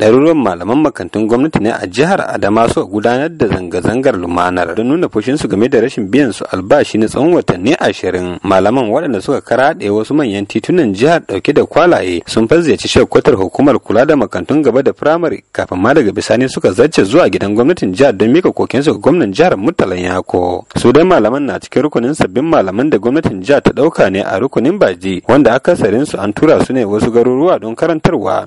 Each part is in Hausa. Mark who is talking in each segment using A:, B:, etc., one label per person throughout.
A: ɗaruruwan malaman makantun gwamnati ne a jihar adama su gudanar da zanga-zangar lumanar don nuna fushinsu game da rashin biyan su albashi na tsawon watanni ashirin malaman waɗanda suka karaɗe wasu manyan titunan jihar ɗauke da kwalaye sun fazzaci shekwatar hukumar kula da makantun gaba da firamare kafin ma daga bisani suka zarce zuwa gidan gwamnatin jihar don mika kokensu ga gwamnan jihar murtalan yako su dai malaman na cikin rukunin sabbin malaman da gwamnatin jihar ta ɗauka ne a rukunin baji wanda akasarin su an tura su ne wasu garuruwa don karantarwa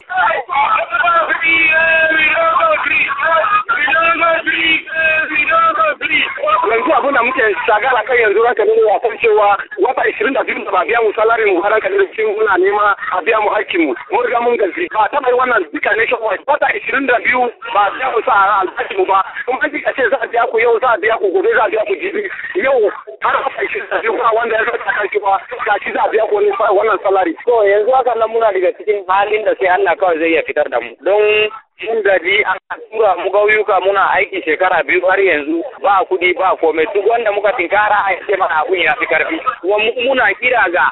B: muke shagara kan yanzu ranka ne ya san cewa wata ishirin da biyu da ba biya mu salari mu haranka ne cikin muna nema a biya mu hakkin mu mun riga mun gaji ba bai wannan duka ne shan wata ishirin da biyu ba biya mu sa a albashi mu ba kuma an ka ce za a biya ku yau za a biya ku gobe za a biya ku jibi yau har wata ishirin da biyu ba wanda ya zaka kan shi ba ga shi za a biya ku wannan salari. to yanzu haka nan muna daga cikin halin da sai Allah kawai zai iya fitar da mu don mun gaji an tura mu gauyuka muna aiki shekara biyu har yanzu ba kuɗi ba komai duk wanda muka tinkara a yace mana abun ya fi karfi kuma muna kira ga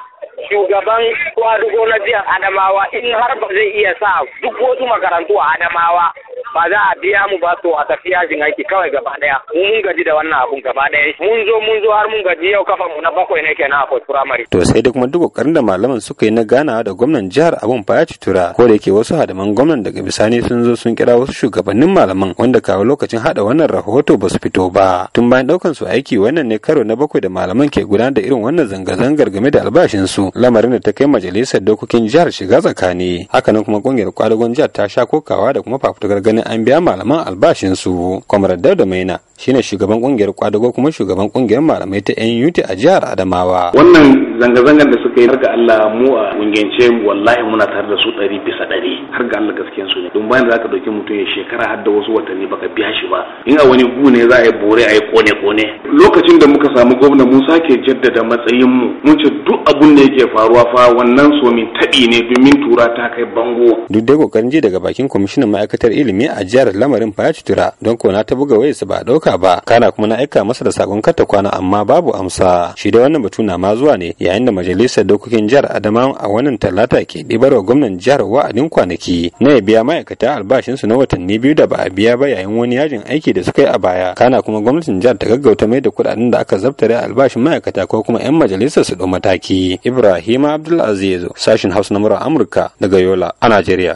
B: shugaban kwadugo na jihar Adamawa in har ba zai iya sa duk wasu makarantu a Adamawa ba za a biya mu ba to a tafi yajin aiki kawai gaba daya mun gaji da wannan abun gaba daya mun zo mun zo har mun gaji yau kafa mu na bakwai ne kenan a primary
A: to sai da kuma duk kokarin da malaman suka yi na ganawa da gwamnan jihar abun fa ya ci tura ko da yake wasu hadaman gwamnan daga bisani sun zo sun kira wasu shugabannin malaman wanda kawo lokacin hada wannan rahoto ba su fito ba tun bayan daukan su aiki wannan ne karo na bakwai da malaman ke gudanar da irin wannan zanga-zangar game da albashin su lamarin da ta kai majalisar dokokin jihar shiga tsakani hakanan kuma kungiyar kwadagon jihar ta sha kokawa da kuma fafutukar ganin an biya malaman albashin albashinsu kwamar dauda maina shine shugaban kungiyar kwadago kuma shugaban kungiyar malamai ta nut a jihar adamawa wannan
C: zanga-zangar da suka yi har ga Allah mu a mu wallahi muna tare da su ɗari bisa ɗari har ga Allah gaskiyan su ne don bayan da zaka ɗauki mutum ya shekara har da wasu watanni baka biya shi ba in a wani gu ne za a yi bore a yi kone-kone lokacin da muka samu gwamna musa ke jaddada matsayin mu mun ce duk abun da yake faruwa fa wannan so min taɓi ne domin tura ta kai bango.
A: duk dai kokarin ji daga bakin kwamishinan ma'aikatar ilimi a jihar lamarin fa ya cutura don ko na ta buga wayarsa ba a ɗauka ba kana kuma na aika masa da sakon kata kwana amma babu amsa shi da wannan batu na ma zuwa ne yayin da majalisar dokokin jihar adama a wannan talata ke ɗibarwa gwamnan jihar wa'adin kwanaki na ya biya ma'aikata albashinsu na watanni biyu da ba a biya ba yayin wani yajin aiki da suka yi a baya kana kuma gwamnatin jihar ta gaggauta mai da kuɗaɗen da aka zabtare a albashin ma'aikata ko kuma 'yan majalisar su ɗau mataki ibrahima abdulaziz sashin hausa na murar amurka daga yola a najeriya